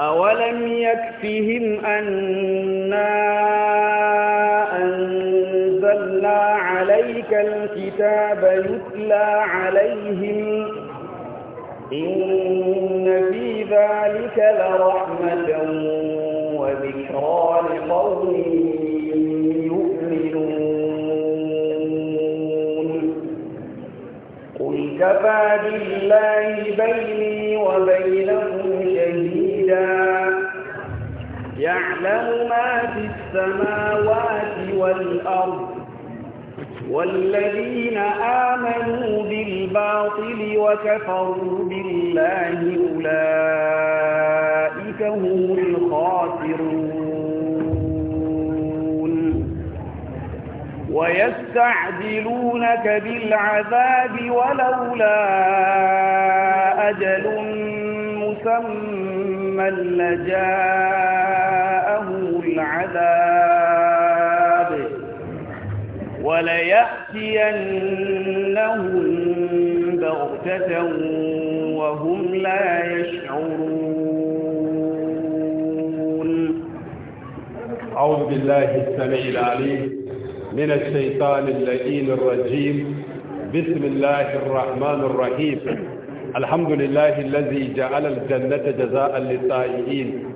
أولم يكفهم أنا أنزلنا عليك الكتاب يتلى عليهم إن في ذلك لرحمة وذكرى لقوم يؤمنون قل كفى بالله بيني وبينكم شيئا يعلم ما في السماوات والأرض والذين آمنوا بالباطل وكفروا بالله أولئك هم الخاسرون ويستعجلونك بالعذاب ولولا أجل ثم لجاءه العذاب وليأتينهم بغتة وهم لا يشعرون أعوذ بالله السميع العليم من الشيطان اللئيم الرجيم بسم الله الرحمن الرحيم Alhamdu allazi ja'ala aljannata jannata lis-sa'iin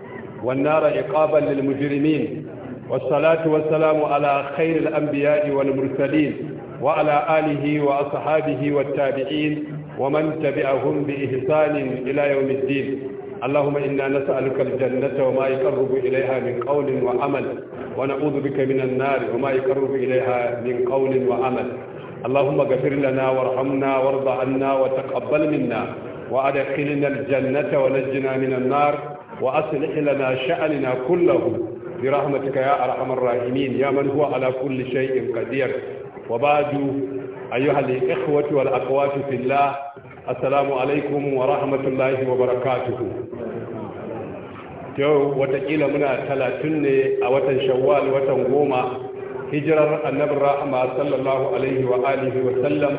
wan nara iqaban lil mujrimin salatu was-salamu ala khairil anbiya'i wal mursalin wa ala alihi wa ashabihi wat-tabi'in ومن تبعهم بإحسان إلى يوم الدين اللهم إنا نسألك الجنة وما يقرب إليها من قول وعمل ونعوذ بك من النار وما يقرب إليها من قول وعمل اللهم اغفر لنا وارحمنا وارض عنا وتقبل منا وأدخلنا الجنة ونجنا من النار وأصلح لنا شأننا كله برحمتك يا أرحم الراحمين يا من هو على كل شيء قدير وبعد أيها الإخوة والأخوات في الله السلام عليكم ورحمة الله وبركاته yau watakila muna talatin ne a watan shawwal watan goma hijirar annabin rahama sallallahu alaihi wa alihi wa sallam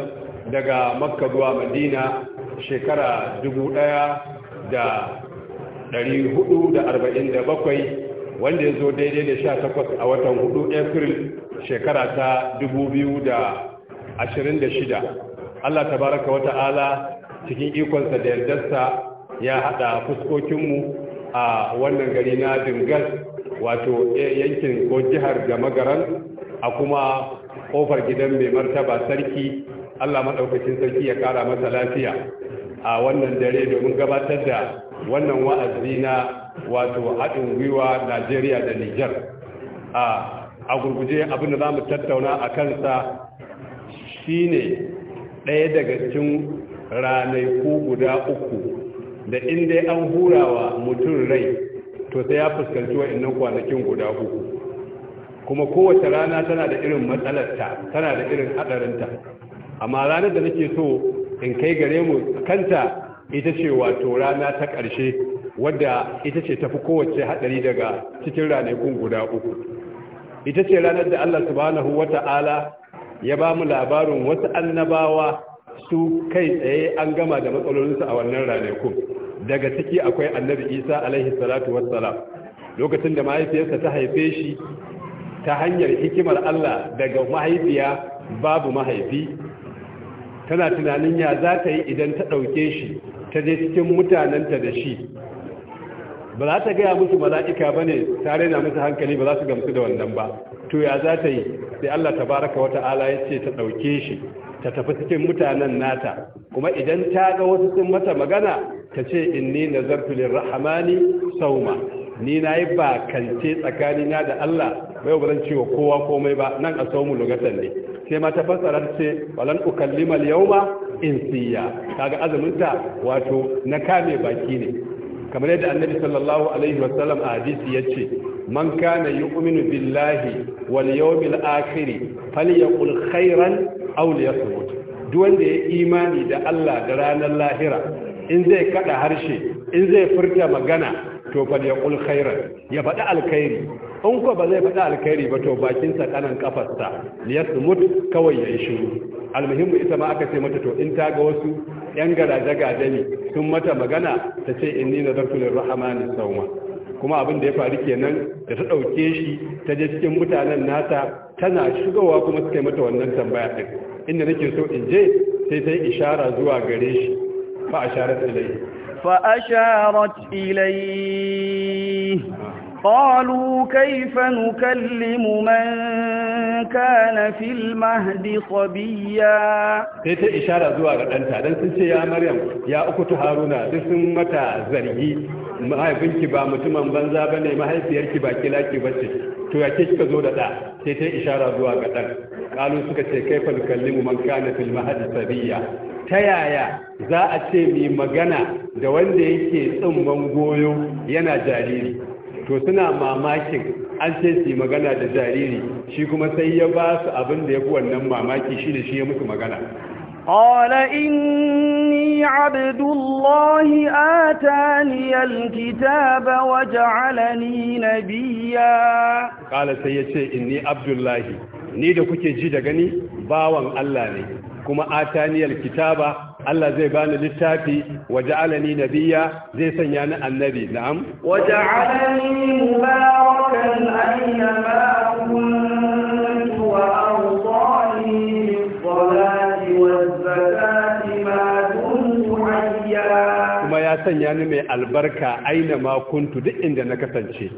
daga makka zuwa madina shekara 1447 wanda ya zo daidai da 18 a watan 4 april shekara ta da ashirin shida, allah tabaraka wa ta'ala cikin ikonsa da yardarsa ya hada fuskokinmu a wannan gari na dingal wato eh, yankin ko jihar gama garan a kuma ƙofar gidan mai martaba sarki Allah maɗaukacin sarki ya ƙara masa lafiya a wannan dare domin gabatar da wannan wa'azi na wato haɗin gwiwa Najeriya da Nijar a gurguje abin da za mu tattauna a kansa shine ɗaya daga cikin ranaku guda uku da inda an hurawa mutum rai to sai ya fuskanci wa'annan kwanakin guda uku kuma kowace rana tana da irin matsalarta tana da irin hadarinta amma ranar da nake so in kai gare mu kanta ita ce wato rana ta ƙarshe wadda ita ce tafi kowace hadari daga cikin ranakun guda uku ita ce ranar da Allah subhanahu wata'ala ya ba mu labarin wasu annabawa su kai tsaye an gama da matsalolinsu a wannan ranakun daga ciki akwai annabi isa alaihi salatu wassalam lokacin da mahaifiyarsa ta haife shi ta hanyar hikimar Allah daga mahaifiya babu mahaifi tana tunanin ya za ta yi idan ta ɗauke shi ta je cikin mutanenta da shi ba za ta gaya musu mala'ika ba ne tare na musu hankali ba za su gamsu da wannan ba to ya za ta yi sai Allah ta baraka wata ala ya ce ta ɗauke shi ta tafi cikin mutanen nata kuma idan ta ga wasu sun mata magana ta ce inni nazartu lirrahmani sauma ni na yi bakance tsakanina da Allah bai ba zan ce wa kowa komai ba nan a samu lugatan ne sai ma ta fassara ce walan ukallima al-yawma insiya kaga azumin ta wato na kame baki ne kamar yadda annabi sallallahu alaihi sallam, a hadisi yace man kana yu'minu billahi wal yawmil akhir falyaqul khairan aw liyasmut duk wanda ya imani da Allah da ranar lahira in zai kada harshe in zai furta magana to fal yaqul khairan ya faɗi alkhairi in ko ba zai faɗi alkhairi ba to bakin sa kanan kafarsa liyasmut kawai yayi shiru almuhimmu ita ma aka ce mata to in ta ga wasu yan daga dani sun mata magana ta ce inni nadartu lirrahmani sawma kuma abin da ya faru kenan da ta ɗauke shi ta je cikin mutanen nata tana shigowa kuma suka yi mata wannan tambaya ɗin inda nake so in je sai sai isharar ishara zuwa gare shi fa a sharar ilai فأشارت إليه قالوا كيف نكلم من كان في المهد صبيا تيت إشارة زوا غدانتا دان سن يا مريم يا أكت هارونا دسن متى زرهي mahaifinki ba mutumin banza ba ne mahaifiyarki ba kilaki ba ce to ya ke kika zo da ɗa sai ta ishara zuwa ga ɗan ƙalu suka ce kaifan kallimu man kana ta yaya za a ce mai magana da wanda yake tsumban goyo yana jariri to suna mamakin an ce su magana da jariri shi kuma sai ya ba su abin da ya fi wannan mamaki shi da shi ya mutu magana قال إني عبد الله آتاني الكتاب وجعلني نبيا قال سيدي إني عبد الله ni da kuke ji da gani bawan Allah ne kuma ataniyal kitaba Allah zai bani littafi waja'alani nabiyya zai sanya ni annabi na'am waja'alani mubarakan aina ma kuntu Ya sanya ni mai albarka aina makuntu duk inda na kasance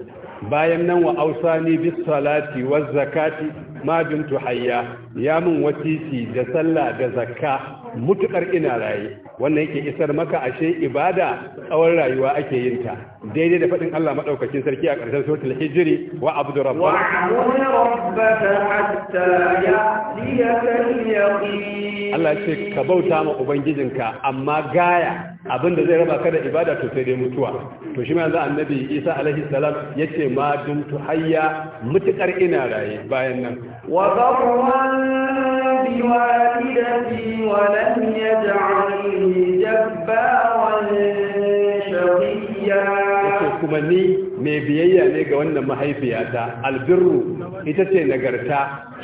bayan nan wa ausani bis salati waz zakati ma bintu hayya ya mun watiti da sallah da zakka mutukar ina raye wannan yake isar maka ashe ibada tsawon rayuwa ake yin ta daidai da faɗin Allah madaukakin sarki a ƙarshen suratul hijri wa abdu rabbana Allah ce ka bauta ma ubangijinka amma gaya abinda zai raba ka da ibada to sai dai mutuwa to shi ma yanzu annabi Isa alaihi salam yace ma dumtu hayya mutukar ina raye bayan nan wa بوالدتي ولم يجعلني جبارا شقيا kuma ni mai biyayya ne ga wannan mahaifiyata albirru ita ce nagarta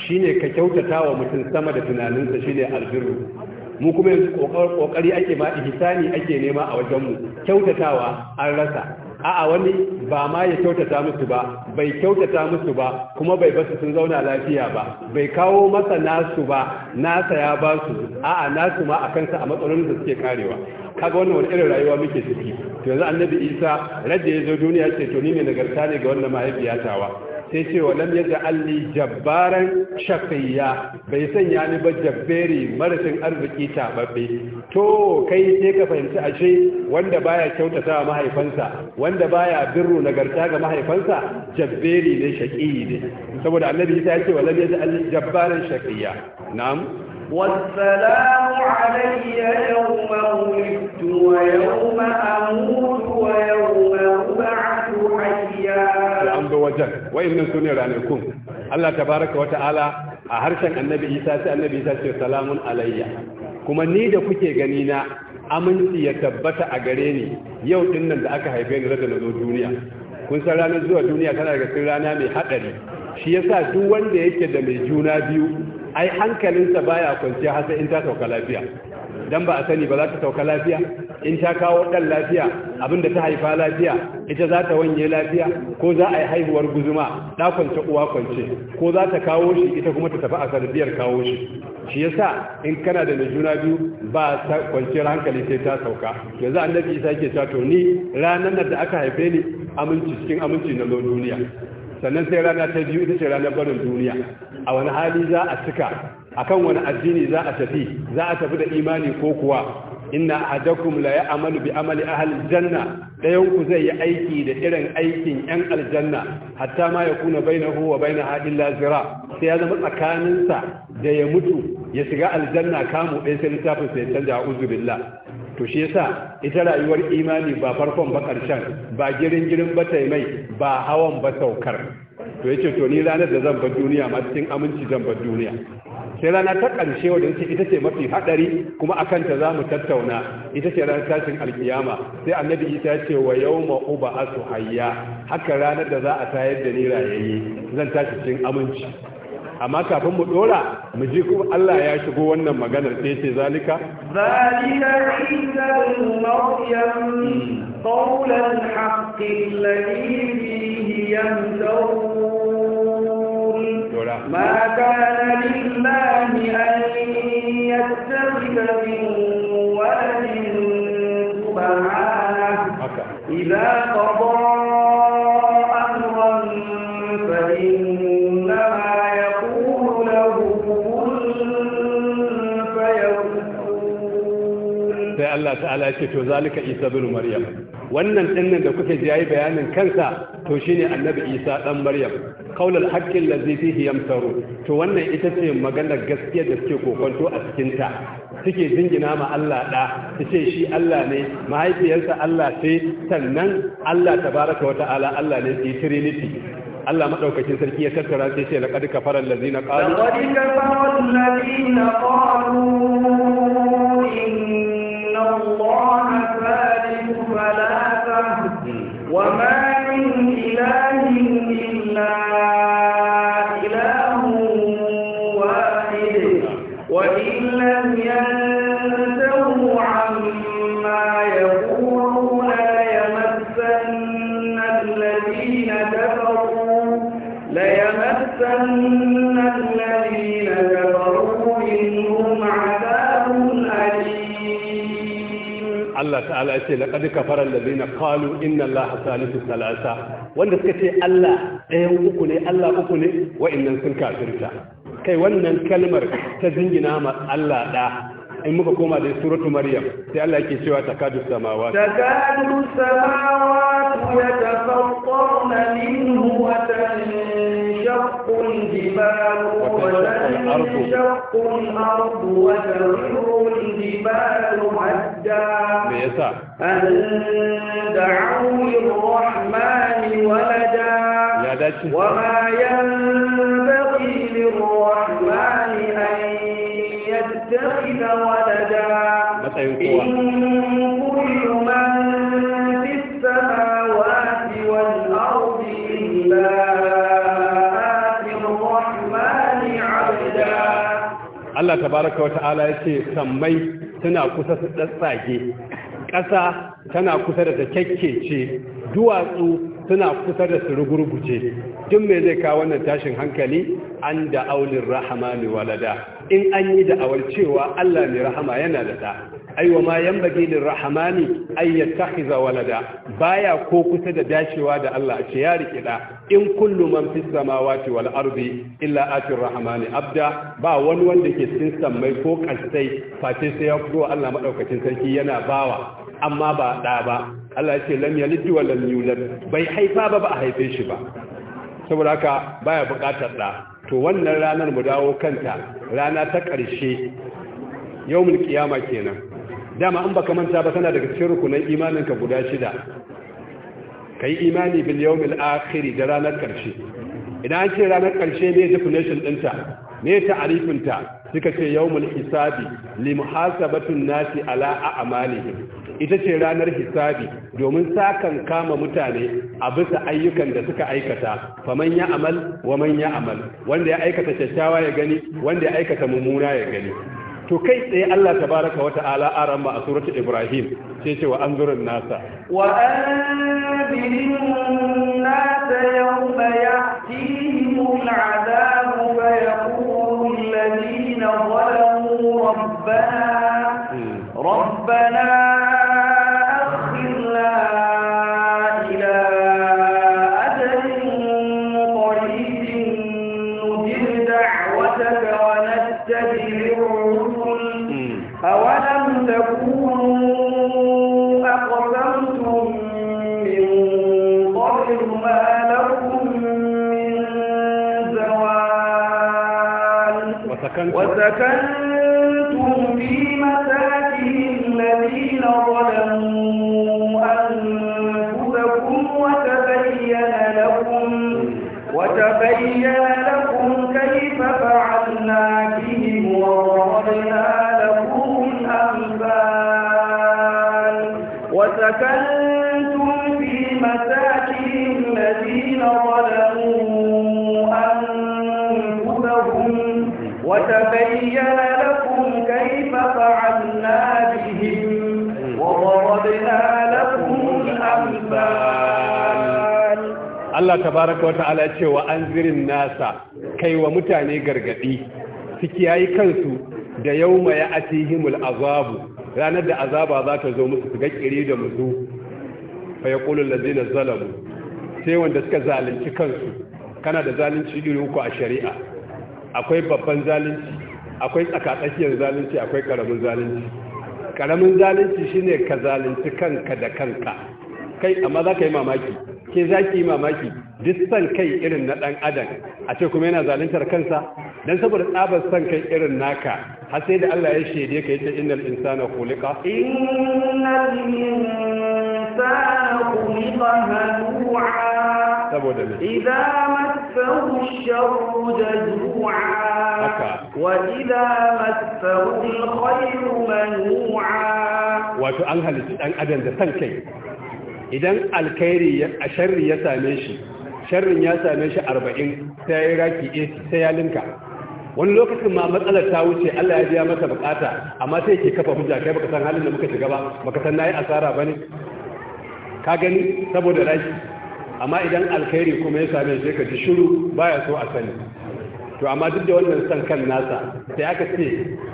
shine ka kyautata wa mutum sama da tunaninsa shine albirru mu kuma yanzu kokari ake ma ihsani ake nema a wajenmu kyautatawa an rasa a'a wani ba ma ya kyautata musu ba bai kyautata musu ba kuma bai basu sun zauna lafiya ba bai kawo masa nasu ba nasa ya ba su a'a nasu ma a kansa a matsalolin da suke karewa kaga wannan wani irin rayuwa muke ciki to yanzu annabi isa radda ya zo duniya ce to ni ne nagarta ne ga wannan mahaifiyatawa sai ce wa lam alli jabbaran shakiyya bai sanya ni ba jabberi marashin arziki tababbe to kai sai ka fahimci ashe wanda baya kyautata mahaifansa wanda baya birru nagarta ga mahaifansa jabberi ne shaqi ne saboda annabi ya ce wa lam alli jabbaran shakiyya. na'am والسلام علي يوم ولدت ويوم أموت ويوم أبعث حيا an bi wajen wa'annan su ne ranakun Allah tabaraka wa ta'ala a harshen annabi Isa sai annabi Isa ce salamun alayya kuma ni da kuke gani na aminci ya tabbata a gare ni yau din nan da aka haife ni da na zo duniya kun san ranar zuwa duniya tana daga cikin rana mai hadari shi yasa duk wanda yake da mai juna biyu ai hankalinsa baya kwanciya har sai in ta sauka lafiya dan ba a sani ba za ta sauka lafiya in ta kawo dan lafiya abinda ta haifa lafiya ita za ta wanye lafiya ko za a yi haihuwar guzuma da kwance uwa kwance ko za ta kawo shi ita kuma ta tafi a sarbiyar kawo shi shi yasa in kana da juna biyu ba ta kwanciyar hankali sai ta sauka yanzu annabi isa ke cewa to ni ranar da aka haife ni aminci cikin aminci na duniya sannan sai rana ta biyu ita ce ranar barin duniya a wani hali za a cika akan wani addini za a tafi za a tafi da imani ko kuwa inna ahadakum la ya'malu bi amali ahli janna dayan ku zai yi aiki da irin aikin yan aljanna hatta ma yakuna bainahu wa baina illa lazira. sai ya zama tsakaninsa da ya mutu ya shiga aljanna kamu ɗaya sai littafin sai canja a uzu billah to shi yasa ita rayuwar imani ba farkon ba karshen ba girin girin ba taimai ba hawan ba saukar to yace to ni ranar da zan bar duniya ma cikin aminci zan bar duniya sai rana ta karshe wanda ce ita ce mafi haɗari kuma a kanta za tattauna ita ce ranar tashin alkiyama sai annabi isa ce wa yau Uba a su hayya haka ranar da za a tayar da ni rayayye zan tashi cikin aminci amma kafin mu dora mu ji ko Allah ya shigo wannan maganar sai ce zalika zalika isa ibn maryam qawl al-haqq alladhi fihi yamtarun ma kana lillahi an yattakhidha min waladin subhanahu idza qada sai Allah ta'ala ya ce to zalika Isa bin Maryam wannan dinnan da kuke ji yayi bayanin kansa to shine Annabi Isa dan Maryam qaulul hakkin allazi fihi yamtaru to wannan ita ce magana gaskiya da suke kokonto a cikin ta suke jingina ma Allah da su ce shi Allah ne mahaifiyarsa Allah ce sannan Allah tabaraka wa ta'ala Allah ne trinity Allah madaukakin sarki ya tattara sai ce laqad kafara allazina qalu laqad kafara allazina qalu الله ثالث ثلاثة وما ta'ala ya ce laqad kafara alladhina qalu inna allaha salisu salasa wanda suka ce Allah ɗayan uku ne Allah uku ne wa'annan sun kafirta kai wannan kalmar ta jingina ma Allah da in muka koma da suratu maryam sai Allah yake cewa takadu samawati takadu samawati yatafaqqarna minhu wa الجبال وتنشق الأرض وتخر الجبال هدا أن دعوا للرحمن ولدا وما ينبغي للرحمن أن يتخذ ولدا إن Allah tabaraka wata'ala ce sammai suna kusa su tsatsage ƙasa tana kusa da ta kyakkece duwatsu suna kusa da su rugurguje duk me zai kawo wannan tashin hankali an da aulin mai walada in an yi da'awar cewa Allah mai rahama yana da da aiwa ma yan bagi lil rahmani ay walada baya ko kusa da dacewa da Allah a ce ya rike da in kullu man fis samawati wal ardi illa atir rahmani abda ba wani wanda ke cikin sammai ko kasai face sai ya fito Allah madaukakin sarki yana bawa amma ba da ba Allah ya ce lam yalid wa lam yulad bai haifa ba ba a haife shi ba saboda haka baya bukatar da to wannan ranar mu dawo kanta rana ta ƙarshe yau ƙiyama kenan dama in baka manta ba tana daga cikin rukunan imaninka guda shida kai imani bil yawmil akhir da ranar karshe idan an ce ranar karshe ne definition dinta ne arifin ta suka ce yawmul hisabi li muhasabatu nasi ala a'malihim ita ce ranar hisabi domin sakan kama mutane a bisa ayyukan da suka aikata fa man ya amal wa man ya amal wanda ya aikata kyakkyawa ya gani wanda ya aikata mummuna ya gani to kai tsaye Allah baraka wata ala ma a suratul Ibrahim sai ce wa anzurun nasa wa anzurun nasa mun azabu adabu fa yaqulu alladhina zalamu rabbana hmm. rabbana وقضينا لكم الأنبال وسكنتم في مساكن الذين ظلموا أنفسهم وتبين لكم كيف فعلنا بهم وضربنا لكم الأمثال الله تبارك وتعالى يقول وأنذر الناس كي ومتاني قرقدي su kiyaye kansu da yawma ya atihimul azabu ranar da azaba za ta zo musu su ga kire da musu fa yaqulu allazina zalamu sai wanda suka zalunci kansu kana da zalunci iri uku a shari'a akwai babban zalunci akwai tsakatsakiyar zalunci akwai karamin zalunci karamin zalunci shine ka zalunci kanka da kanka kai amma za ka yi mamaki ke za ki yi mamaki duk san kai irin na ɗan adam a ce kuma yana zaluntar kansa Dan saboda tsabar san kai irin naka har sai da Allah ya shaide ka yace innal insana khuliqa innal insana khuliqa halu'a saboda ne idza massahu ash-sharru jazua wa idza massahu al-khayru manu'a wato an halitta ɗan adam da san kai idan alkhairi a sharri ya same shi sharrin ya same shi arba'in sai ya yi raki eh, sai ya linka wani lokacin ma matsalar ta wuce Allah ya biya masa bukata amma sai ke kafa hujja kai baka san halin da muka shiga ba baka san nayi asara bane ka gani saboda rashi amma idan alkhairi kuma ya same shi ka ji shiru baya so a sani to amma duk da wannan san kan nasa sai aka ce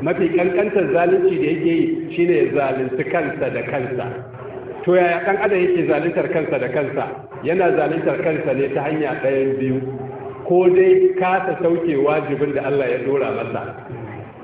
mafi kankantar zalunci da yake yi shine zalunci kansa da kansa to yaya ɗan adam yake zaluntar kansa da kansa yana zaluntar kansa ne ta hanya ɗayan biyu ko dai kasa sauke wajibin da Allah ya dora masa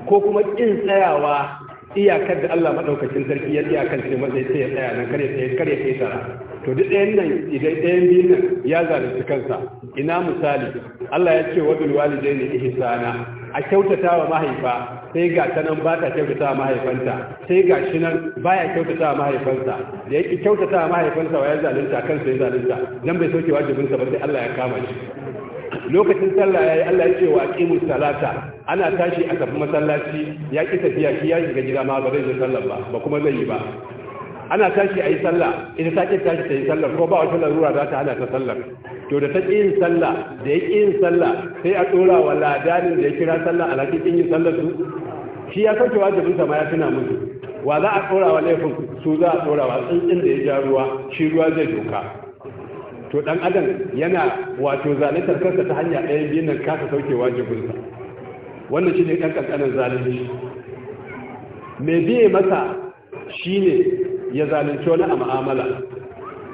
ko kuma kin tsayawa iyakar da Allah maɗaukakin sarki ya iyakar ce masa sai ya tsaya nan kare sai kare sai tara to duk ɗayan nan idan ɗayan biyu nan ya zalunci kansa ina misali Allah ya ce wa bil walidaini ihsana a kyautata wa mahaifa sai ga ta nan ba ta kyautata wa mahaifanta sai ga shi nan ba ya kyautata wa mahaifansa da yake kyautata wa mahaifansa wa ya zalunta kan ya zalunta dan bai sauke wajibinsa ba sai Allah ya kama shi lokacin sallah yayi Allah ya ce wa aqimu salata ana tashi a tafi masallaci ya ki tafiya shi ya shiga gida ma ba zai yi sallah ba ba kuma zai yi ba ana tashi a yi sallah ita ta ƙi tashi ta yi sallah ko ba wata larura za ta hana ta sallah to da ta ƙi yin sallah da ya ƙi yin sallah sai a ɗora wa ladanin da ya kira sallah alhakin ƙin yin sallah su shi ya sauke wajibinsa ma ya tuna musu wa za a ɗora wa laifin su za a ɗora wa tsintsin da ya ja ruwa shi ruwa zai doka to ɗan adam yana wato zalitar kansa ta hanya ɗaya biyun nan kasa sauke wajibinsa wannan shi ne ɗan ƙanƙanin zalimi mai biye masa shi ne. ya zalunci wani a ma'amala,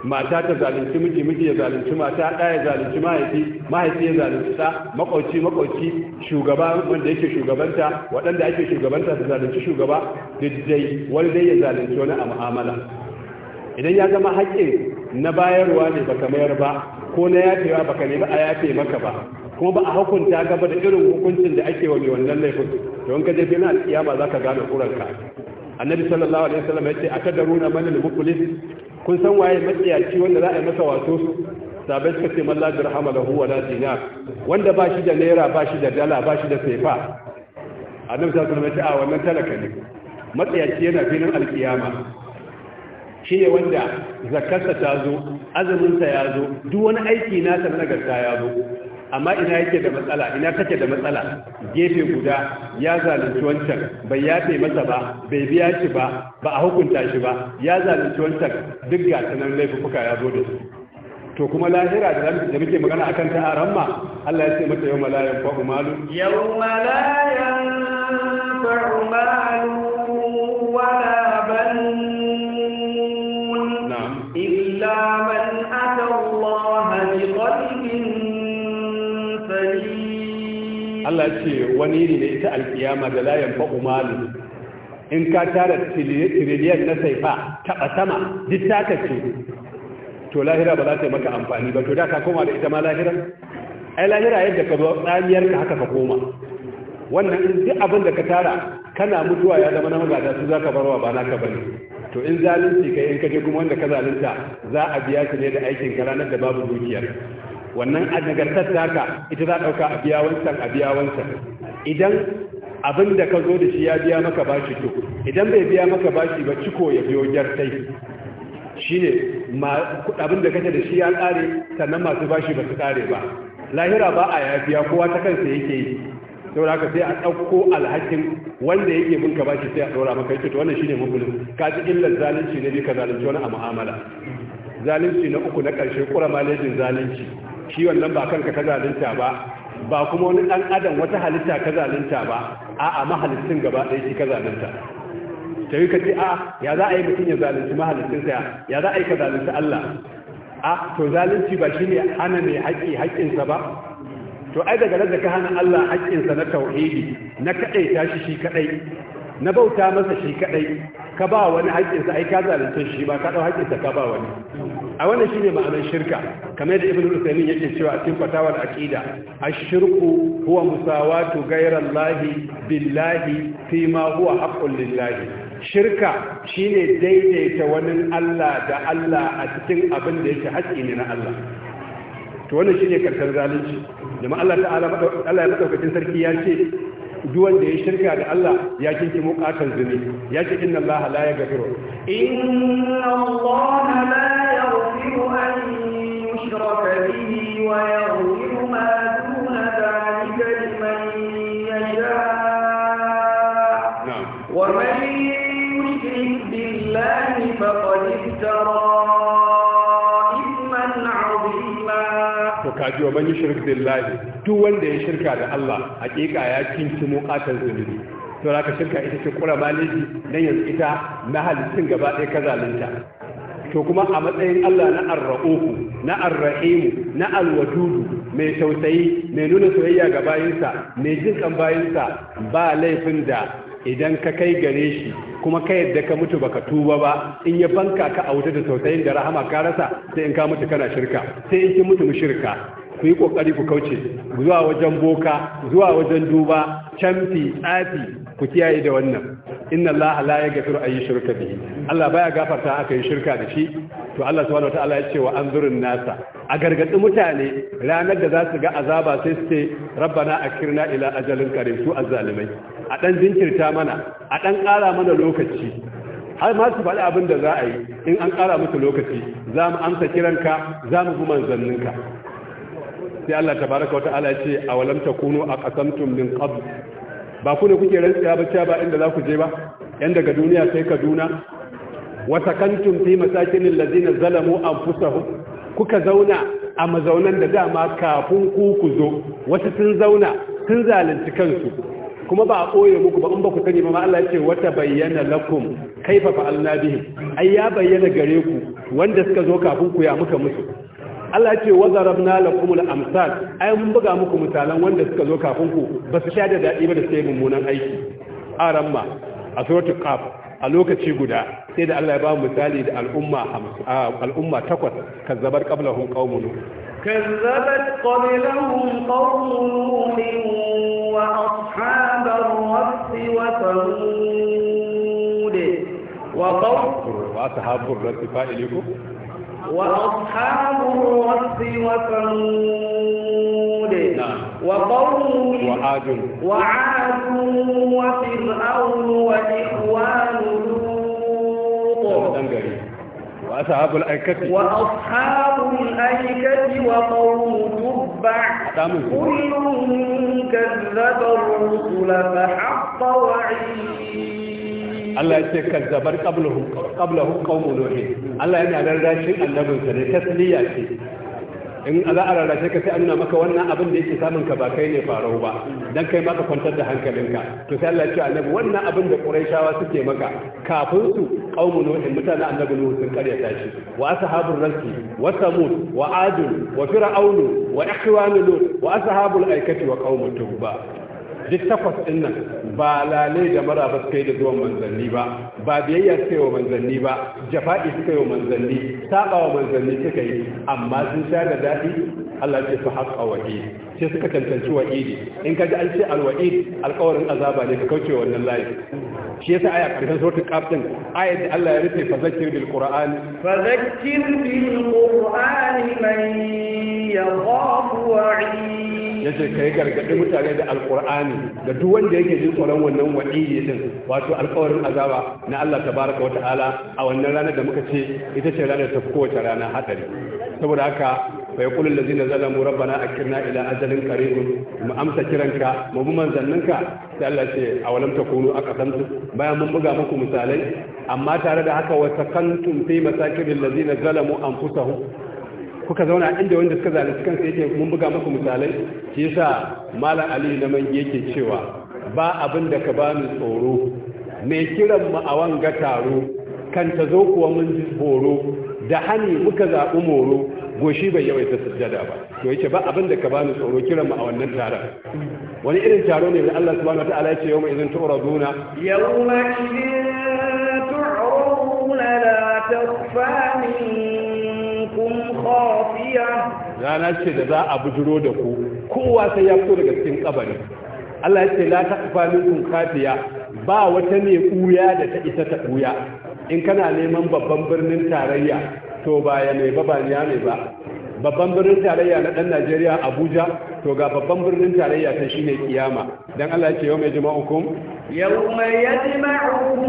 mata ta zalunci miji miji ya zalunci mata ɗa ya zalunci mahaifi mahaifi ya zalunci ɗa makwauci makwauci shugaba wanda yake shugabanta waɗanda ake shugabanta su zalunci shugaba diddai wani dai ya zalunci wani a ma'amala, idan ya zama haƙƙin na bayarwa ne baka mayar ba ko na yafewa baka ne ba a yafe maka ba kuma ba a hukunta gaba da irin hukuncin da ake wa mai wannan laifin to in ka je bin alƙiyama za ka gane kuranka annabi sallallahu alaihi wasallam ya ce atadaruna man al-muflis kun san waye matsiyaci wanda za a yi masa wato sabai suka ce malla dirhama lahu wala dinar wanda ba shi da naira ba shi da dala ba shi da saifa annabi sallallahu alaihi wasallam ya ce a wannan talaka ne matsiyaci yana filin alkiyama shi ne wanda zakarsa ta zo azumin sa ya zo duk wani aiki nasa na gaskiya ya zo amma ina yake da matsala ina kake da matsala gefe guda ya zalunci wancan bai yafe masa ba bai biya shi ba ba a hukunta shi ba ya zalunci wancan duk ga sanan laifuka ya zo da su to kuma lahira da da muke magana akan ta aramma Allah ya ce mata yawma la yanfa'u malu yawma la yanfa'u ban illa man Allah ce wani ne ita alkiyama da layan fa umalu in ka tara tiriliyan na saifa taɓa sama duk ta ce to lahira ba za ta yi maka amfani ba to da ka koma da ita ma lahira ai lahira yadda ka zo tsamiyar ka haka ka koma wannan in duk abin da ka tara kana mutuwa ya zama na magada su zaka barwa ba naka bane to in zalunci kai in kaje kuma wanda ka zalunta za a biya su ne da aikin ka ranar da babu dukiyar wannan a nagartar taka ita za ɗauka a biya wancan a biya wancan idan abin da ka zo da shi ya biya maka bashi to idan bai biya maka bashi ba ciko ya biyo gyartai shi ne abin da kake da shi ya tsare, sannan masu bashi ba su tsare ba lahira ba a yafiya kowa ta kansa yake yi sau da sai a ɗauko alhakin wanda yake bin ka bashi sai a ɗora maka yake to wannan ne mabulin ka ji illar zalunci ne bi ka zalunci wani a mu'amala zalunci na uku na ƙarshe ƙura malejin zalunci shi wannan ba kanka ka zalunta ba ba kuma wani dan adam wata halitta ka zalunta ba a'a mahalicin gaba ɗaya shi ka zalunta sai ka ce a ya za a yi mutum ya zalunci sa ya za a yi ka zalunci Allah a to zalunci ba shi ne hana mai haƙƙi haƙƙinsa ba to ai daga da ka hana Allah haƙƙinsa na tauhidi na kaɗai tashi shi kaɗai na bauta masa shi kadai ka ba wani haƙƙinsa ai ka zalunta shi ba ka dau haƙƙinsa ka ba wani a wannan shine ma'anar shirka kamar da ibnu usaymin yake cewa a cikin fatawar aqida ash-shirku huwa musawatu ghayrallahi billahi fi ma huwa haqqun lillahi shirka shine daidaita wani Allah da Allah a cikin abin da yake haƙƙi ne na Allah to wannan shine karkar zalunci jama'a Allah ta'ala Allah ya madaukakin sarki ya ce duk wanda ya shirka da Allah ya kinki mukatan zini ya ce inna Allah la yaghfiru inna Allah la yaghfiru an yushraka bihi wa yaghfiru ce wa man shirk billahi duk wanda ya shirka da Allah hakika ya kinci muqatan zunubi to zaka shirka ita ce kura maliki dan yanzu ita na halittun gaba ɗaya ka zalunta to kuma a matsayin Allah na arra'uku na arra'imu na alwadudu mai tausayi mai nuna soyayya ga bayinsa mai jin kan bayinsa ba laifin da idan ka kai gare shi kuma ka yadda ka mutu baka tuba ba in ya banka ka a wuta da tausayin da rahama ka rasa sai in ka mutu kana shirka sai in ki mutu mu shirka ku yi kokari ku kauce zuwa wajen boka zuwa wajen duba canfi tsafi ku kiyaye da wannan inna allaha la yaghfiru ay bihi Allah baya gafarta aka yi shirka da shi to Allah subhanahu wataala ya ce wa anzurun nasa a gargadi mutane ranar da za su ga azaba sai su ce rabbana akirna ila ajalin karim su azzalimai a dan jinkirta mana a dan ƙara mana lokaci har ma su faɗi abin da za a yi in an kara musu lokaci za mu amsa kiranka za mu bi manzanninka sai Allah tabaraka wa ta'ala ce a walam takunu aqasamtum min qabl ba ku ne kuke rantsiya ba ba inda za ku je ba yan daga duniya sai Kaduna wa sakantum fi masakinil lazina zalamu anfusahum kuka zauna a mazaunan da dama kafin ku ku zo wasu sun zauna sun zalunci kansu kuma ba a ɓoye muku ba in ba ku sani ba Allah ce wata bayyana lakum kaifa fa bihim ai ya bayyana gare ku wanda suka zo kafin ku ya muka musu Allah ce wa zarabna lakum al-amsal ai mun buga muku misalan wanda suka zo kafin ku ba su sha da dadi ba da sai mummunan aiki aramma a suratul qaf a lokaci guda sai da Allah ya ba misali da al'umma al'umma takwas kazzabar qablahum qaumun kazzabat qablahum qaumun wa ashabar rass wa thamud wa qawm wa ashabur rass fa'ilikum wa ashabur rass wa thamud وقوم وعاد وعاد وفرعون وإخوان لوط وأصحاب الأيكة وأصحاب الأيكة وقوم تبع كل كذب الرسل فحق وعيد الله يتكلم كذبر قبلهم قبلهم قوم نوحي الله يعني على الراشد النبي صلى الله عليه وسلم in za a rarrashe ka sai a nuna maka wannan abin da yake samun ka ba kai ne farau ba dan kai ma ka kwantar da hankalinka to sai Allah ya ce annabi wannan abin da Qurayshawa suke maka kafin su qaumun nuhin mutanen annabi nuhu sun karyata shi wa ashabul rasi wa samud wa ad wa fir'aun wa ikhwanu lut wa ashabul aikati wa qaumun tuba duk takwas ɗin nan ba lalai da mara ba suka yi da zuwan manzanni ba ba biyayya suka yi wa manzanni ba jafa'i suka yi wa manzanni saba wa manzanni suka yi amma sun sha da daɗi Allah ce fa haƙa wa'i sai suka cancanci wa'idi in ka ji an ce alwa'id alƙawarin azaba ne ka kauce wannan layi shi yasa aya karshen suratul qaf din ayat da Allah ya rufe fazakir bil qur'an fazakir bil qur'an man yakhafu wa'id ya ce ka yi gargaɗi mutane da alƙur'ani da duk wanda yake jin tsoron wannan waɗiyi din wato alƙawarin azaba na Allah tabaraka wa ta'ala a wannan ranar da muka ce ita ce ranar ta kowace rana hadari saboda haka fa yaqulu allazina zalamu rabbana akirna ila ajalin qarib mu amsa kiranka mu bi manzanninka sai Allah ce awalam takunu aqasamtu bayan mun buga muku misalai amma tare da haka wa sakantum fi masakin allazina zalamu anfusahum kuka zauna inda wanda suka zalunci kansu yake mun buga muku misalai shi yasa malam ali na man yake cewa ba abin da ka bani tsoro mai kiran mu a wanga taro kan ta zo kuwa mun ji tsoro da hani muka zaɓi moro goshi bai yawaita sujjada ba to yace ba abin da ka bani tsoro kiran mu a wannan taron wani irin taro ne da Allah subhanahu wataala ya ce yawma idan tu'raduna yawma idan tu'raduna la tafani Rana ce da za a bujiro da ku kowa sai ya fito daga cikin kabari Allah ya ce la ta minkum khafiya ba wata ne kuya da ta isa ta kuya in kana neman babban birnin tarayya to ba ya mai ba ba ya mai ba babban birnin tarayya na dan Najeriya Abuja to ga babban birnin tarayya ta shine kiyama dan Allah ya ce yawma yajma'ukum yawma yajma'ukum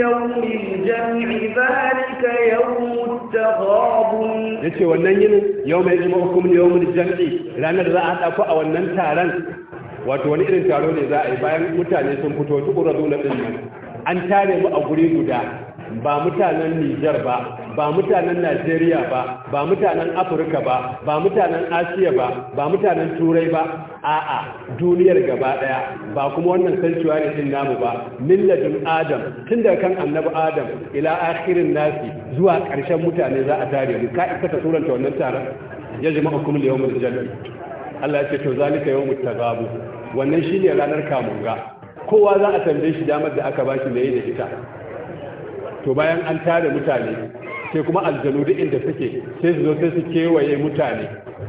yawmil jam'i zalika yawmut taghabun yace wannan yin yawma yajma'ukum yawmil jam'i ranar za a ku a wannan taron wato wani irin taro ne za a yi bayan mutane sun fito tukura na din nan an tare mu a guri guda ba mutanen Nijar ba ba mutanen Najeriya ba ba mutanen Afirka ba ba mutanen Asiya ba ba mutanen Turai ba a'a duniyar gaba ɗaya ba kuma wannan ne din namu ba milladun Adam tun daga kan annabi Adam ila akhirin nasi zuwa ƙarshen mutane za a tare mu ka isa ta suranta wannan taron ya jama'ukum liyawmil jannah Allah ya ce to zalika wannan shine ranar kamunga kowa za a tambaye shi damar da aka bashi da yi da ita to bayan an tare mutane sai kuma aljanu duk inda suke sai su zo sai su kewaye mutane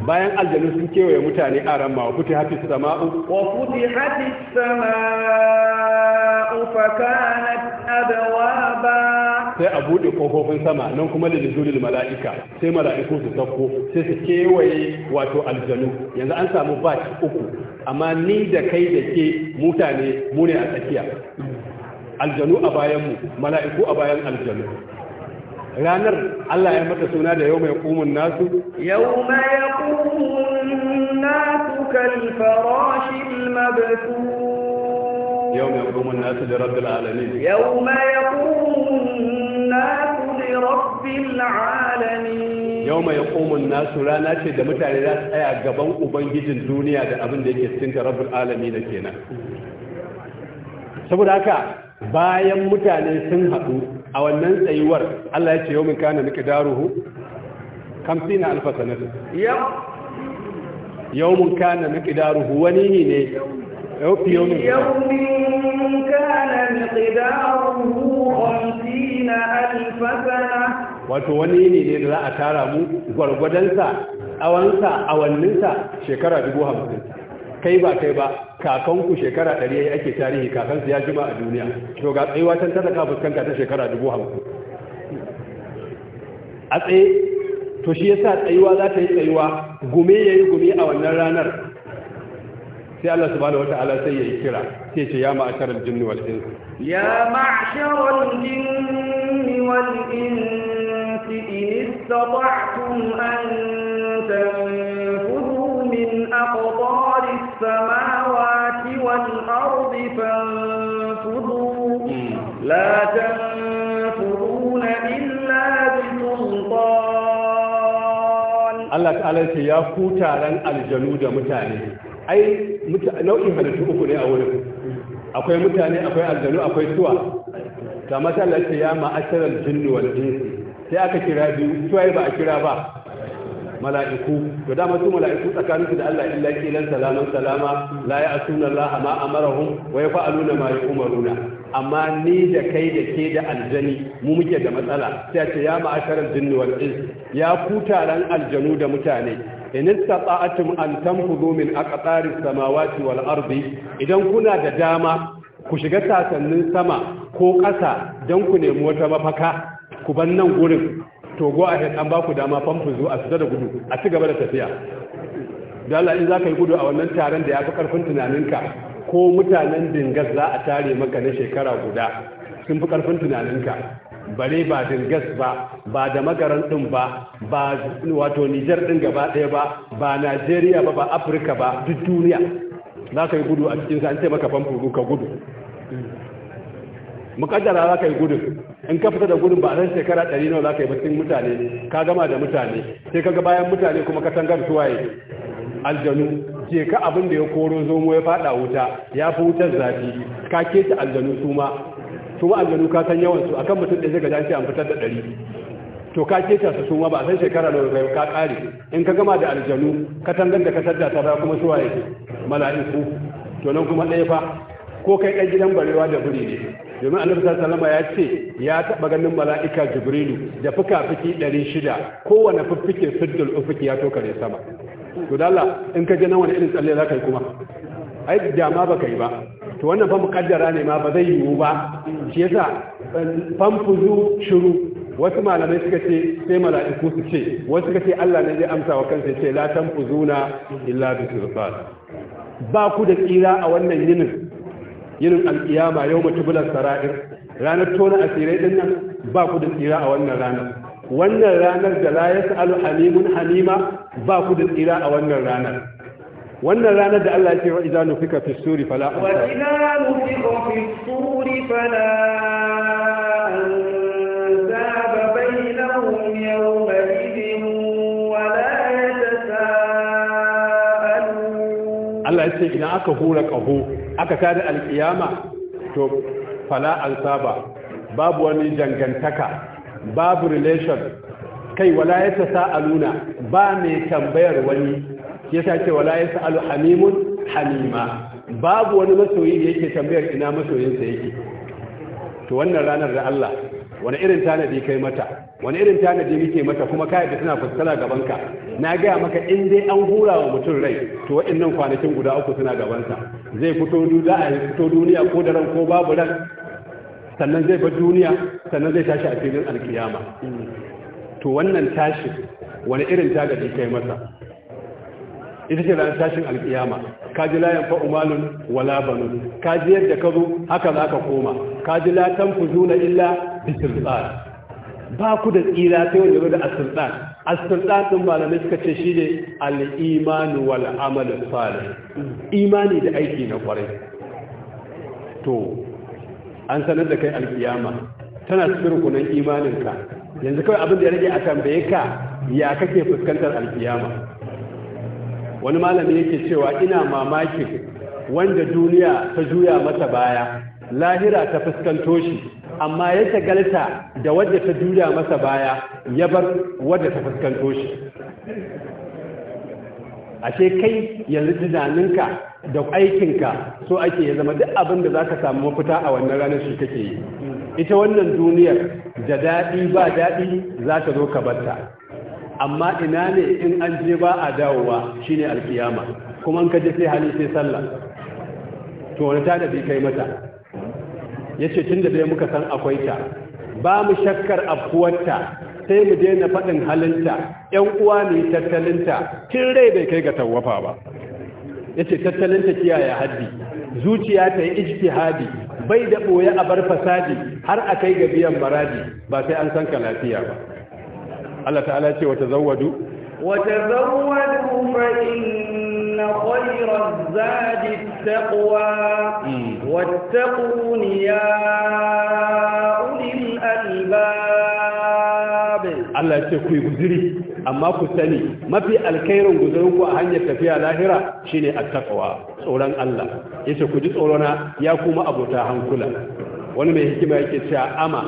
bayan aljanu sun kewaye mutane a ramma wa futi hafi sama'u wa futi hafi sama'u fa kanat abwaba sai a bude kofofin sama nan kuma da nuzulul mala'ika sai mala'iku su sauko sai su kewaye wato aljanu yanzu an samu batch uku amma ni da kai da ke mutane mu ne a tsakiya aljanu a bayan mu mala'iku a bayan aljanu ranar Allah ya mata suna da yau mai kumun nasu yau mai kumun nasu kalfarashin mabasu yau mai kumun nasu da rabbi al'alami yau mai kumun nasu da rabbi al'alami yau mai kumun nasu rana ce da mutane za su tsaya gaban ubangijin duniya da abin da yake cikin rabbi al'alami da kenan saboda haka bayan mutane sun haɗu a wannan tsayuwar Allah ya ce yau min kana nika daruhu kamsina alfa sanatu yau min kana nika daruhu wani ne yau fi yau min kana nika daruhu kamsina alfa sanatu wato wani ne ne da za a tara mu gwargwadonsa awansa awanninsa shekara dubu hamsin kai ba kai ba kakan ku shekara ɗari ya yi ake tarihi kakan su ya jima a duniya to ga tsayuwa can talaka fuskanta ta shekara dubu hamsin a tsaye to shi yasa tsayuwa za ta yi tsayuwa gumi ya yi gumi a wannan ranar sai Allah subhanahu wata'ala sai ya yi kira sai ce ya ma'asharar jinni wal ins ya ma'asharar jinni wal ins in istata'tum an لا تنفرون إلا بسلطان الله تعالى يا كوتاران الجنود متاني أي nau'in halittu uku ne a wurin akwai mutane akwai aljanu akwai suwa ta matsala ce ya ma'asharar jinni sai aka kira biyu suwaye ba a kira ba mala'iku da masu mala'iku tsakaninsu da Allah illa kilan salamun salama la ya'suna Allah ma amarahum wa yaf'aluna ma yu'maruna amma ni da kai da ke da aljani mu muke da matsala sai ce ya ma'asharar jinni wal ins ya ku taron aljanu da mutane in istata'atum an tanfudu min aqtaris samawati wal ardi idan kuna da dama ku shiga sasannin sama ko ƙasa don ku nemi wata mafaka ku ban nan gurin to go a an ba ku dama famfin zuwa a da gudu a ci gaba da tafiya Allah in za ka yi gudu a wannan taron da ya fi ƙarfin tunaninka ko mutanen dingas za a tare maka na shekara guda sun fi karfin tunaninka bare ba dingas ba ba da magaran din ba ba wato nijar din gaba ɗaya ba ba najeriya ba ba afirka ba duk duniya za ka yi gudu a cikin an ce maka famfuru ka gudu mukaddara za ka yi gudun in ka fita da gudun ba a san shekara ɗari nawa za ka yi mutane ka gama da mutane sai ka ga bayan mutane kuma ka tangar yi. aljanu je ka abin da ya koro zomo ya fada wuta ya fi wutar zafi ka keta aljanu su ma su ma aljanu ka san yawan su akan mutum da zai gaja shi an fitar da ɗari to ka ta su su ma ba a san shekara da kai ka kare in ka gama da aljanu ka tangan da ka sadda ta kuma suwa yake mala'iku to nan kuma ɗaya fa ko kai ɗan gidan barewa da buri ne domin annabi sallallahu ya ce ya taɓa ganin mala'ika jibrilu da fuka fiki 600 kowane fuffuke siddul ufuki ya tokare sama to da in ka je nan wani irin tsalle za ka yi kuma ai da ma baka yi ba to wannan fa mukaddara ne ma ba zai yiwu ba shi yasa fuzu shuru wasu malamai suka ce sai mala'iku su ce wasu suka ce Allah ne zai amsa wa kansa ce la zuna illa bi sirfal ba ku da tsira a wannan yinin yinin alkiyama yau mutubulan sara'ir ranar tona asirai din nan ba ku da tsira a wannan ranar wannan ranar da la yas'alu halimun halima ba ku da tsira a wannan ranar wannan ranar da Allah ya ce wa idan nufika fi suri fala wa idan nufika fi suri fala idan aka hura kaho aka tada alkiyama to fala alsaba babu wani dangantaka babu relation kai wala ya sa'aluna ba mai tambayar wani ya ce wala ya sa'alu hamimun hamima babu wani masoyi da yake tambayar ina masoyinsa yake to wannan ranar da Allah wani irin tanadi kai mata wani irin tanadi muke mata kuma kai da fuskala gaban gabanka na gaya maka in dai an hura wa mutum rai to waɗannan kwanakin guda uku suna gabansa zai fito duniya ko da ran ko babu ran sannan zai bar duniya sannan zai tashi a filin alkiyama to wannan tashi wani irin tagadi kai masa ita ce ranar tashin alkiyama ka ji layan fa umalun wala banu ka ji yadda ka zo haka za ka koma ka ji la tanfuzuna illa bi sultan ba ku da tsira ta yau da asultan asultan din malamai suka ce shi ne al'imanu wal amalin salih imani da aiki na kwarai to an sanar da kai alkiyama tana cikin rukunan imaninka yanzu kawai abin da ya rage a tambaye ka ya kake fuskantar alkiyama wani malami yake cewa ina mamakin wanda duniya ta juya masa baya lahira ta fuskanto shi amma ya shagalta da wadda ta juya masa baya ya bar wadda ta fuskanto shi ashe kai yanzu tunaninka da aikinka so ake ya zama duk abin da za ka samu mafita a wannan ranar shi kake yi ita wannan duniyar da daɗi ba daɗi za ta zo ka barta amma ina ne in an je ba a dawowa shine alkiyama kuma an kaje sai hali sai sallah to wani ta bi kai mata yace da dai muka san akwai ta ba mu shakkar afkuwarta sai mu daina faɗin halinta ‘yan uwa ne tattalinta tun rai bai kai ga tawafa ba ya ce tattalinta kiyaye haddi zuciya ta yi ijtihadi bai da ɓoye a bar fasadi har a kai ga biyan maradi ba sai an san ka lafiya ba Allah ta'ala ce wata zawadu wata zawadu fa inna khayra zadi taqwa hmm. wattaquni ya ulil albab Allah ce ku yi guziri amma ku sani mafi alkairin guzirin ku a hanyar tafiya lahira shine at-taqwa tsoron Allah yace ku ji tsorona ya kuma abota hankula wani mai hikima yake cewa ama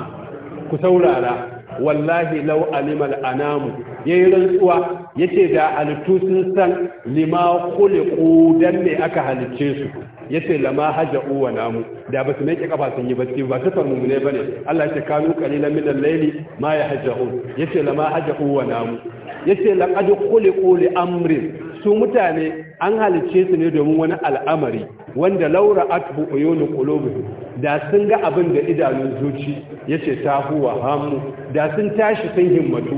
ku saurara wallahi law alimal anamu yayi rantsuwa yace da halittu sun san lima khuliqu dan me aka halicce su Ya ce lama haja uwa namu da ba su kafa sun yi bacci ba sifar farmu ne bane Allah ce kanu qalilan min al-layli ma Ya ce lama haja uwa namu Ya yace laqad khuliqu li amrin su mutane an halice su ne domin wani al'amari wanda laura atbu uyunu qulubuhum da sun ga abin da idanun zuci yace ta huwa hamu da sun tashi sun himmatu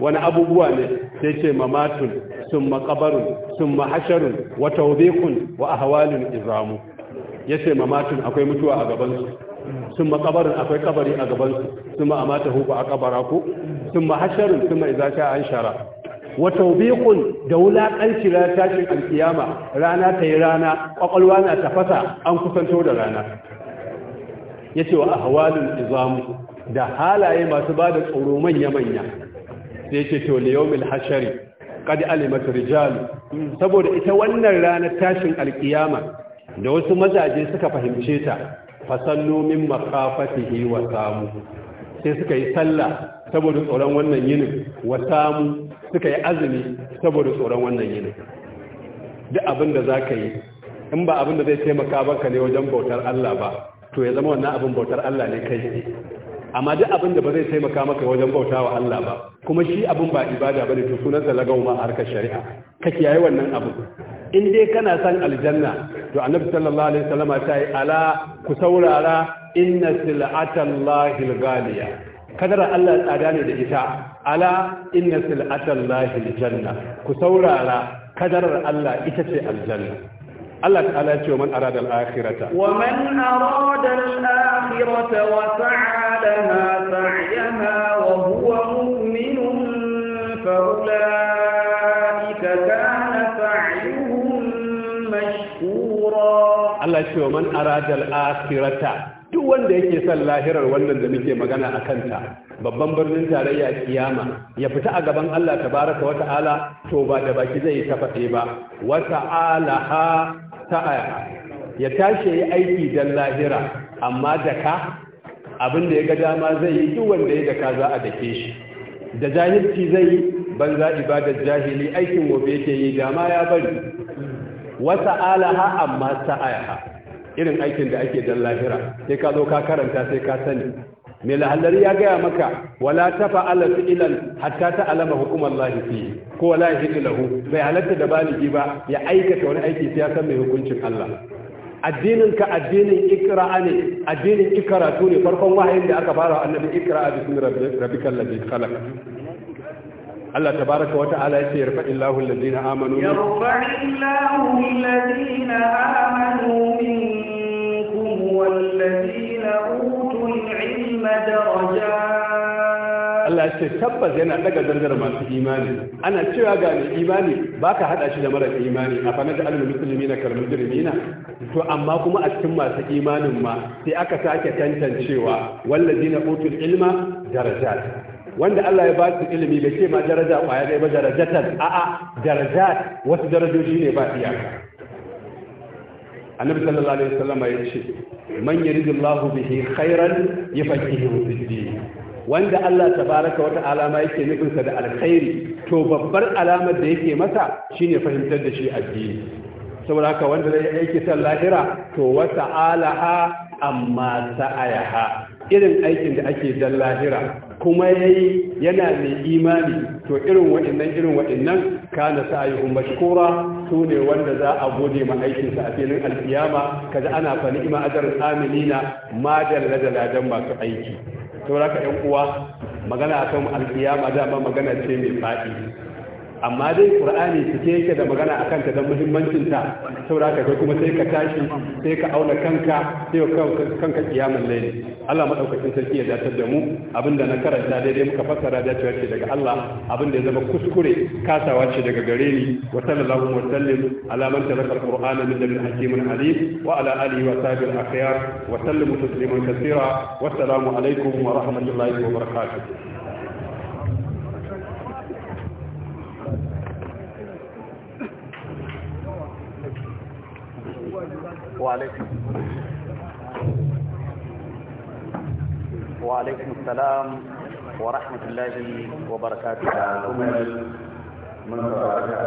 wani abubuwa ne sai ce mamatun summa qabarun summa hasharun wa tawbiqun wa ahwalun izamu yace mamatun akwai mutuwa a gaban su summa qabarun akwai kabari a gaban su summa amatahu a kabara ko Sun hasharun summa idza sha'a anshara wa tawbiqun da wulaƙanci ranar tashin alkiyama rana ta yi rana ƙwaƙwalwa na tafasa an kusanto da rana ya ce wa a ahwalin izamu da halaye masu ba da tsoro manya-manya sai ce to liyomil hashari kad alimat rijal saboda ita wannan ranar tashin alkiyama da wasu mazaje suka fahimce ta fasallu min makafatihi wa samu sai suka yi sallah saboda tsoron wannan yinin wa samu suka yi azumi saboda tsoron wannan yinin duk abin da za ka yi in ba abin da zai taimaka baka ne wajen bautar Allah ba to ya zama wannan abin bautar Allah ne kai amma duk abin da ba zai taimaka maka wajen bauta wa Allah ba kuma shi abin ba ibada bane to sunan lagawa ma harkar shari'a ka kiyaye wannan abu in dai kana san aljanna to annabi sallallahu alaihi wasallam ta yi ala ku saurara inna sil'atallahi al-ghaliya kadara Allah tsada ne da ita ala inna sil'atallahi al-janna ku saurara kadarar Allah ita ce aljanna Allah ta'ala ya ce wa man arada al-akhirata wa man arada al-akhirata wa sa'a laha sa'yaha wa huwa mu'minun fa ulaika kana sa'yuhum mashkura Allah ya ce wa man arada al-akhirata duk wanda yake son lahirar wannan da muke magana a kanta babban birnin tarayya kiyama ya fita a gaban Allah tabaraka wata'ala to ba da baki zai ta faɗe ba ha! sa'a ya tashi ya yi aiki don lahira amma daka abin da ya ga dama zai yi duk wanda ya daka za a dake shi da jahilci zai yi ban banza ibada jahili aikin gobe yake yi dama ya bari wata alaha amma ta sa'ayaha irin aikin da ake don lahira sai ka zo ka karanta sai ka sani mai lahallari ya gaya maka wala tafa ala fi'ilan hatta ta alama hukumar lahi fi ko wala ya hidu lahu bai halatta da baligi ba ya aikata wani aiki sai ya san mai hukuncin Allah addinin ka addinin ikra ne addinin ikaratu ne farkon wahayin da aka fara annabi ikra bismi rabbikal ladhi khalaq الله تبارك وتعالى يرفع الله الذين آمنوا يرفع الله الذين آمنوا منكم والذين Allah ce tabbas yana daga darajar masu imani ana cewa ga mai imani baka hada shi da mara imani a fanar da alul musulmi na karmar jirmina to amma kuma a cikin masu imanin ma sai aka sake tantancewa na utul ilma daraja wanda Allah ya ba su ilimi bai ce ma daraja kwaya ɗaya ba darajatan a'a darajat wasu darajoji ne ba iyaka annabi sallallahu alaihi wasallam ya ce man yuridullahu bihi khairan yafaqihu fid wanda Allah tabaraka wa ta'ala ma yake nufinsa da alkhairi to babbar alamar da yake masa shine fahimtar da shi addini saboda haka wanda zai aiki san lahira to wa ta'alaha amma sa'ayaha irin aikin da ake dan lahira kuma yayi yana mai imani to irin waɗannan irin waɗannan kana sa'ayuhum mashkura su ne wanda za a gode ma aikinsa a filin alkiyama kaji ana fa ima ajrul amilina ma dalla masu aiki to raka yan uwa magana akan alkiyama dama magana ce mai fadi. amma dai qur'ani cike yake da magana akan ta dan muhimmancin ta saboda haka kai kuma sai ka tashi sai ka auna kanka sai ka kanka kiyamul layli Allah madaukakin sarki ya datar da mu abinda na karanta daidai muka fassara da cewa ce daga Allah abinda ya zama kuskure kasawa ce daga gare ni wa sallallahu wa sallim ala man tala alqur'ana min dalil hakimin alim wa ala alihi wa sahbihi al-akhyar wa sallimu tasliman wa assalamu alaikum wa rahmatullahi wa barakatuh وعليكم وعليكم السلام ورحمة الله وبركاته